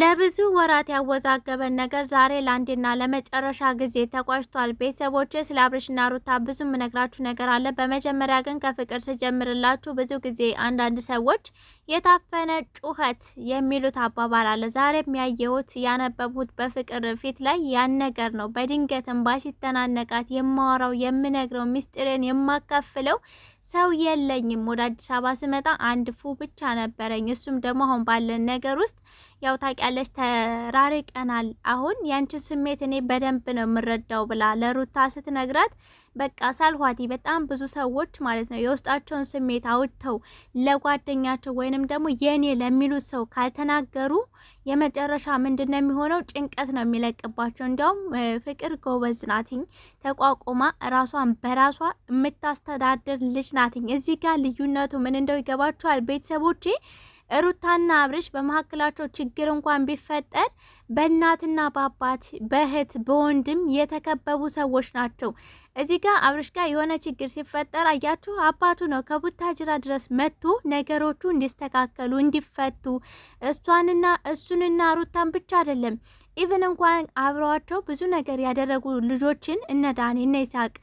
ለብዙ ወራት ያወዛገበን ነገር ዛሬ ለአንድና ለመጨረሻ ጊዜ ተቋጭቷል። ቤተሰቦች ስለ አብርሽና ሩታ ብዙ የምነግራችሁ ነገር አለ። በመጀመሪያ ግን ከፍቅር ስጀምርላችሁ ብዙ ጊዜ አንዳንድ ሰዎች የታፈነ ጩኸት የሚሉት አባባል አለ። ዛሬ የሚያየሁት ያነበብሁት በፍቅር ፊት ላይ ያን ነገር ነው። በድንገት እንባ ሲተናነቃት የማወራው የምነግረው ምስጢርን የማካፍለው ሰው የለኝም። ወደ አዲስ አበባ ስመጣ አንድ ፉ ብቻ ነበረኝ። እሱም ደግሞ አሁን ባለን ነገር ውስጥ ያው ታውቂያለሽ፣ ተራርቀናል። አሁን ያንቺን ስሜት እኔ በደንብ ነው የምረዳው ብላ ለሩታ ስትነግራት በቃ ሳልኋቲ በጣም ብዙ ሰዎች ማለት ነው የውስጣቸውን ስሜት አውጥተው ለጓደኛቸው ወይንም ደግሞ የኔ ለሚሉት ሰው ካልተናገሩ የመጨረሻ ምንድን ነው የሚሆነው? ጭንቀት ነው የሚለቅባቸው። እንዲያውም ፍቅር ጎበዝ ናትኝ ተቋቁማ ራሷን በራሷ የምታስተዳድር ልጅ ናትኝ። እዚህ ጋር ልዩነቱ ምን እንደው ይገባችኋል ቤተሰቦቼ? ሩታና አብርሽ በመካከላቸው ችግር እንኳን ቢፈጠር በእናትና በአባት በእህት በወንድም የተከበቡ ሰዎች ናቸው። እዚህ ጋር አብርሽ ጋር የሆነ ችግር ሲፈጠር አያችሁ፣ አባቱ ነው ከቡታጅራ ድረስ መጥቶ ነገሮቹ እንዲስተካከሉ እንዲፈቱ እሷንና እሱንና ሩታን ብቻ አይደለም ኢቨን እንኳን አብረዋቸው ብዙ ነገር ያደረጉ ልጆችን እነ ዳኔ እነ ይስሐቅ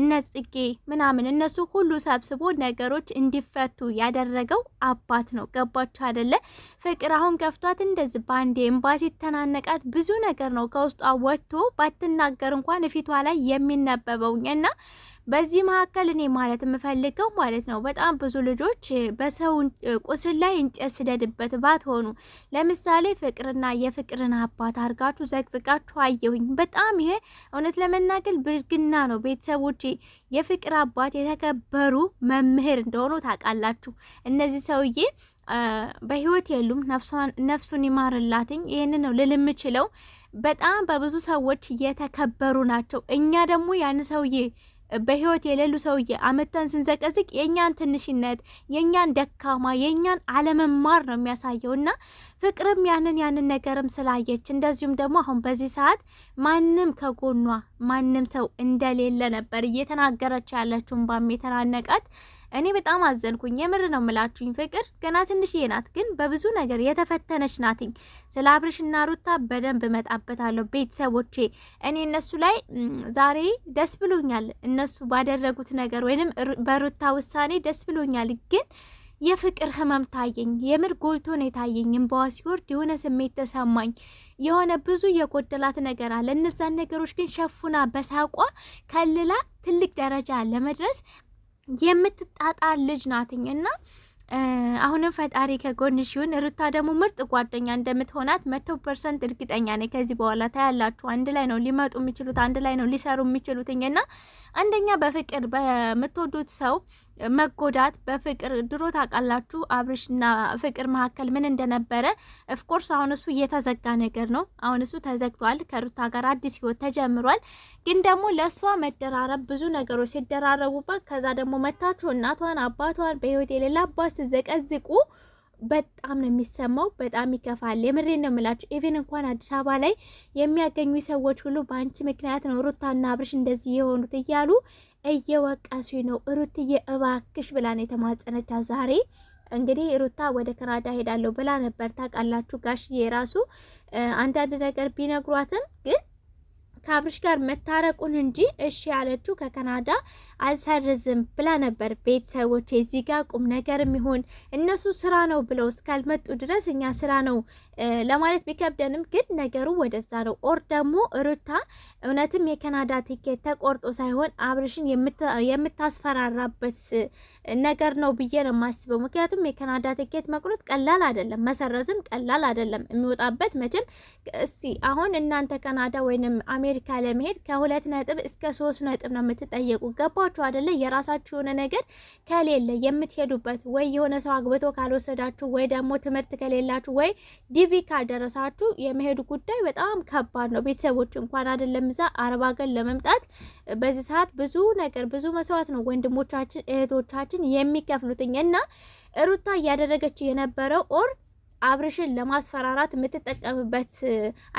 እነ ጽጌ ምናምን እነሱ ሁሉ ሰብስቦ ነገሮች እንዲፈቱ ያደረገው አባት ነው። ገባቸው አደለ። ፍቅር አሁን ገፍቷት እንደዚህ በአንዴ እምባ ሲተናነቃት ብዙ ነገር ነው ከውስጧ ወጥቶ ባትናገር እንኳን ፊቷ ላይ የሚነበበውኝ እና በዚህ መካከል እኔ ማለት የምፈልገው ማለት ነው በጣም ብዙ ልጆች በሰው ቁስል ላይ እንጨት ስደድበት ባትሆኑ። ለምሳሌ ፍቅርና የፍቅርን አባት አድርጋችሁ ዘቅዝቃችሁ አየሁኝ። በጣም ይሄ እውነት ለመናገር ብርግና ነው። ቤተሰቦች የፍቅር አባት የተከበሩ መምህር እንደሆኑ ታውቃላችሁ። እነዚህ ሰውዬ በህይወት የሉም። ነፍሱን ይማርላትኝ። ይህን ነው ልል የምችለው። በጣም በብዙ ሰዎች የተከበሩ ናቸው። እኛ ደግሞ ያን ሰውዬ በህይወት የሌሉ ሰውዬ አመተን ስንዘቀዝቅ የእኛን ትንሽነት፣ የእኛን ደካማ፣ የእኛን አለመማር ነው የሚያሳየው እና ፍቅርም ያንን ያንን ነገርም ስላየች እንደዚሁም ደግሞ አሁን በዚህ ሰዓት ማንም ከጎኗ ማንም ሰው እንደሌለ ነበር እየተናገረች ያለችውን ባም የተናነቃት እኔ በጣም አዘንኩኝ። የምር ነው ምላችሁኝ። ፍቅር ገና ትንሽዬ ናት፣ ግን በብዙ ነገር የተፈተነች ናትኝ። ስለ አብርሽና ሩታ በደንብ እመጣበታለሁ። ቤተሰቦቼ እኔ እነሱ ላይ ዛሬ ደስ ብሎኛል፣ እነሱ ባደረጉት ነገር ወይንም በሩታ ውሳኔ ደስ ብሎኛል ግን የፍቅር ህመም ታየኝ። የምር ጎልቶ ነው የታየኝ። እንባዋ ሲወርድ የሆነ ስሜት ተሰማኝ። የሆነ ብዙ የጎደላት ነገር አለ። እነዛን ነገሮች ግን ሸፉና በሳቋ ከልላ ትልቅ ደረጃ ለመድረስ የምትጣጣ ልጅ ናትኝ እና አሁንም ፈጣሪ ከጎን ሲሆን ሩታ ደግሞ ምርጥ ጓደኛ እንደምትሆናት መቶ ፐርሰንት እርግጠኛ ነኝ። ከዚህ በኋላ ታያላችሁ። አንድ ላይ ነው ሊመጡ የሚችሉት፣ አንድ ላይ ነው ሊሰሩ የሚችሉትኝ እና አንደኛ በፍቅር በምትወዱት ሰው መጎዳት በፍቅር ድሮ ታውቃላችሁ፣ አብርሽና ፍቅር መካከል ምን እንደነበረ። ኦፍኮርስ አሁን እሱ እየተዘጋ ነገር ነው። አሁን እሱ ተዘግቷል። ከሩታ ጋር አዲስ ህይወት ተጀምሯል። ግን ደግሞ ለእሷ መደራረብ ብዙ ነገሮች ሲደራረቡባት፣ ከዛ ደግሞ መታችሁ እናቷን አባቷን በህይወት የሌላ አባት ስዘቀዝቁ በጣም ነው የሚሰማው። በጣም ይከፋል። የምሬ ነው የምላችሁ። ኢቨን እንኳን አዲስ አበባ ላይ የሚያገኙ ሰዎች ሁሉ በአንቺ ምክንያት ነው ሩታና አብርሽ እንደዚህ የሆኑት እያሉ እየወቀሱ ነው ሩትዬ እባክሽ ብላን የተማጸነቻ ዛሬ እንግዲህ ሩታ ወደ ከናዳ ሄዳለሁ ብላ ነበር። ታውቃላችሁ ጋሽዬ ራሱ አንዳንድ ነገር ቢነግሯትም ግን ከአብርሽ ጋር መታረቁን እንጂ እሺ ያለችው ከካናዳ አልሰርዝም ብላ ነበር። ቤተሰቦች የዚህ ጋር ቁም ነገር የሚሆን እነሱ ስራ ነው ብለው እስካልመጡ ድረስ እኛ ስራ ነው ለማለት ቢከብደንም ግን ነገሩ ወደዛ ነው። ኦር ደግሞ ሩታ እውነትም የካናዳ ቲኬት ተቆርጦ ሳይሆን አብርሽን የምታስፈራራበት ነገር ነው ብዬ ነው የማስበው። ምክንያቱም የካናዳ ትኬት መቁረጥ ቀላል አይደለም፣ መሰረዝም ቀላል አይደለም። የሚወጣበት መቼም እስቲ አሁን እናንተ ካናዳ ወይንም አሜሪካ ለመሄድ ከሁለት ነጥብ እስከ ሶስት ነጥብ ነው የምትጠየቁ። ገባችሁ አይደለ? የራሳችሁ የሆነ ነገር ከሌለ የምትሄዱበት ወይ የሆነ ሰው አግብቶ ካልወሰዳችሁ ወይ ደግሞ ትምህርት ከሌላችሁ ወይ ዲቪ ካልደረሳችሁ የመሄዱ ጉዳይ በጣም ከባድ ነው። ቤተሰቦች እንኳን አይደለም እዛ አረብ ሀገር ለመምጣት በዚህ ሰዓት ብዙ ነገር ብዙ መስዋዕት ነው ወንድሞቻችን እህቶቻችን ሰዎችን የሚከፍሉትኝ እና ሩታ እያደረገች የነበረው ኦር አብርሽን ለማስፈራራት የምትጠቀምበት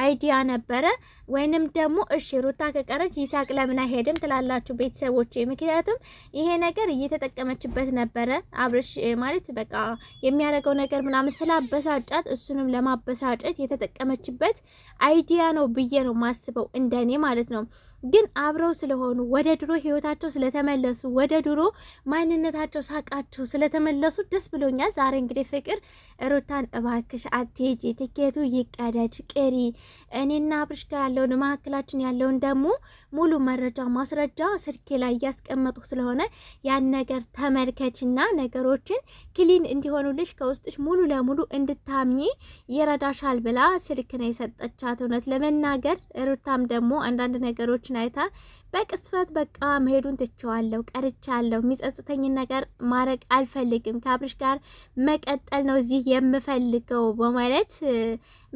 አይዲያ ነበረ። ወይንም ደግሞ እሺ ሩታ ከቀረች ይሳቅ ለምን አይሄድም ትላላችሁ ቤተሰቦች? ምክንያቱም ይሄ ነገር እየተጠቀመችበት ነበረ። አብርሽ ማለት በቃ የሚያደርገው ነገር ምናምን ስላበሳጫት እሱንም ለማበሳጨት የተጠቀመችበት አይዲያ ነው ብዬ ነው ማስበው እንደኔ ማለት ነው። ግን አብረው ስለሆኑ ወደ ድሮ ህይወታቸው ስለተመለሱ ወደ ድሮ ማንነታቸው ሳቃቸው ስለተመለሱ ደስ ብሎኛል። ዛሬ እንግዲህ ፍቅር ሩታን እባክሽ አትሄጂ፣ ትኬቱ ይቀደጅ ቅሪ፣ እኔና አብርሽ ጋር ያለውን መካከላችን ያለውን ደግሞ ሙሉ መረጃ ማስረጃ ስልኬ ላይ እያስቀመጡ ስለሆነ ያን ነገር ተመልከችና ነገሮችን ክሊን እንዲሆኑልሽ ከውስጥሽ ሙሉ ለሙሉ እንድታምኚ ይረዳሻል ብላ ስልክ ነው የሰጠቻት። እውነት ለመናገር ሩታም ደግሞ አንዳንድ ነገሮች ቪዲዮዎችን አይታ በቅስፈት በቃ መሄዱን ትቼዋለሁ፣ ቀርቻለሁ፣ የሚጸጽተኝን ነገር ማድረግ አልፈልግም፣ ከአብርሽ ጋር መቀጠል ነው እዚህ የምፈልገው በማለት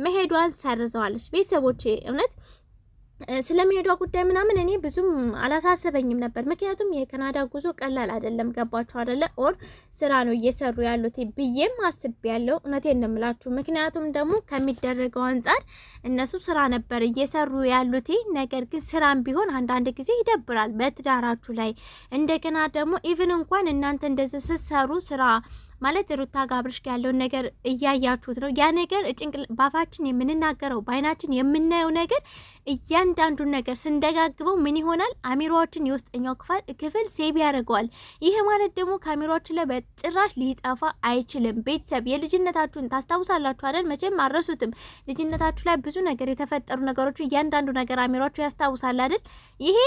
መሄዷን ሰርዘዋለች። ቤተሰቦቼ እውነት ስለሚሄዷ ጉዳይ ምናምን እኔ ብዙም አላሳሰበኝም ነበር። ምክንያቱም የካናዳ ጉዞ ቀላል አይደለም። ገባችሁ አይደለ? ኦር ስራ ነው እየሰሩ ያሉት ብዬም አስቤ ያለው እውነቴ እንምላችሁ። ምክንያቱም ደግሞ ከሚደረገው አንጻር እነሱ ስራ ነበር እየሰሩ ያሉት። ነገር ግን ስራም ቢሆን አንዳንድ ጊዜ ይደብራል በትዳራችሁ ላይ እንደገና ደግሞ ኢቭን እንኳን እናንተ እንደዚህ ስትሰሩ ስራ ማለት ሩታ ጋር አብርሽ ጋር ያለውን ነገር እያያችሁት ነው። ያ ነገር ጭንቅል ባፋችን የምንናገረው በአይናችን የምናየው ነገር እያንዳንዱን ነገር ስንደጋግበው ምን ይሆናል? አሚሮችን የውስጠኛው ክፍል ሴብ ያደርገዋል። ይሄ ማለት ደግሞ ከአሚሯችን ላይ በጭራሽ ሊጠፋ አይችልም። ቤተሰብ የልጅነታችሁን ታስታውሳላችሁ አይደል? መቼም አረሱትም። ልጅነታችሁ ላይ ብዙ ነገር የተፈጠሩ ነገሮች እያንዳንዱ ነገር አሚሯችሁ ያስታውሳል አይደል? ይሄ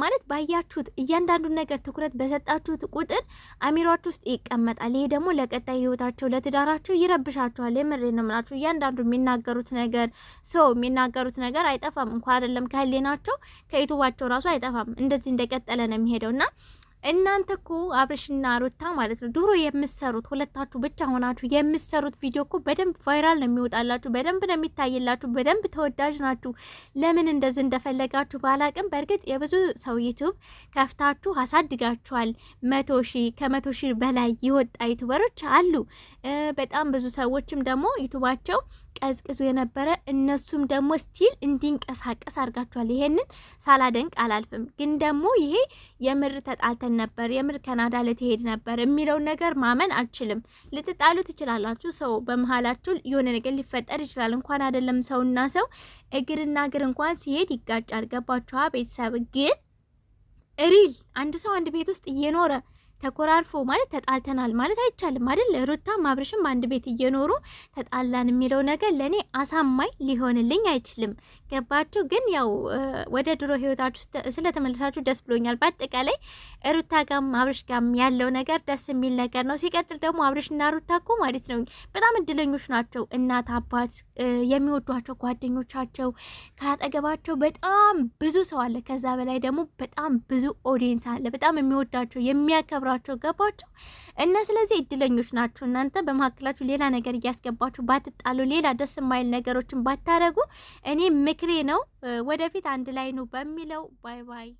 ማለት ባያችሁት እያንዳንዱን ነገር ትኩረት በሰጣችሁት ቁጥር አሚሯችሁ ውስጥ ይቀመጣል። ይሄ ደግሞ ለቀጣይ ህይወታቸው፣ ለትዳራቸው ይረብሻቸዋል። የምሬ ነው እያንዳንዱ የሚናገሩት ነገር ሰው የሚናገሩት ነገር አይጠፋም። እንኳ አይደለም ከህሌናቸው ከዩቱባቸው ራሱ አይጠፋም። እንደዚህ እንደቀጠለ ነው የሚሄደው እና እናንተ እኮ አብርሽና ሩታ ማለት ነው ድሮ የምሰሩት ሁለታችሁ ብቻ ሆናችሁ የምትሰሩት ቪዲዮ እኮ በደንብ ቫይራል ነው የሚወጣላችሁ፣ በደንብ ነው የሚታይላችሁ፣ በደንብ ተወዳጅ ናችሁ። ለምን እንደዚህ እንደፈለጋችሁ ባላቅም፣ በእርግጥ የብዙ ሰው ዩቱብ ከፍታችሁ አሳድጋችኋል። መቶ ሺ ከመቶ ሺ በላይ የወጣ ዩቱበሮች አሉ። በጣም ብዙ ሰዎችም ደግሞ ዩቱባቸው ቀዝቅዞ የነበረ እነሱም ደግሞ ስቲል እንዲንቀሳቀስ አድርጋችኋል። ይሄንን ሳላደንቅ አላልፍም። ግን ደግሞ ይሄ የምር ተጣልተን ነበር፣ የምር ካናዳ ልትሄድ ነበር የሚለውን ነገር ማመን አልችልም። ልትጣሉ ትችላላችሁ። ሰው በመሀላችሁ የሆነ ነገር ሊፈጠር ይችላል። እንኳን አይደለም ሰውና ሰው እግርና እግር እንኳን ሲሄድ ይጋጫል። ገባችኋ? ቤተሰብ ግን ሪል አንድ ሰው አንድ ቤት ውስጥ እየኖረ ተኮራርፎ ማለት ተጣልተናል ማለት አይቻልም አይደል? ሩታም ማብረሽም አንድ ቤት እየኖሩ ተጣላን የሚለው ነገር ለእኔ አሳማኝ ሊሆንልኝ አይችልም። ገባችሁ? ግን ያው ወደ ድሮ ህይወታችሁ ስለተመለሳችሁ ደስ ብሎኛል። በአጠቃላይ ሩታ ጋም አብርሽ ጋም ያለው ነገር ደስ የሚል ነገር ነው። ሲቀጥል ደግሞ አብረሽና ሩታ እኮ ማለት ነው በጣም እድለኞች ናቸው። እናት አባት፣ የሚወዷቸው ጓደኞቻቸው ከአጠገባቸው በጣም ብዙ ሰው አለ። ከዛ በላይ ደግሞ በጣም ብዙ ኦዲየንስ አለ። በጣም የሚወዳቸው የሚያከብራ አብሯቸው ገባቸው እና ስለዚህ እድለኞች ናቸው እናንተ። በመካከላችሁ ሌላ ነገር እያስገባችሁ ባትጣሉ፣ ሌላ ደስ የማይል ነገሮችን ባታረጉ፣ እኔ ምክሬ ነው። ወደፊት አንድ ላይ ኑ በሚለው ባይ ባይ።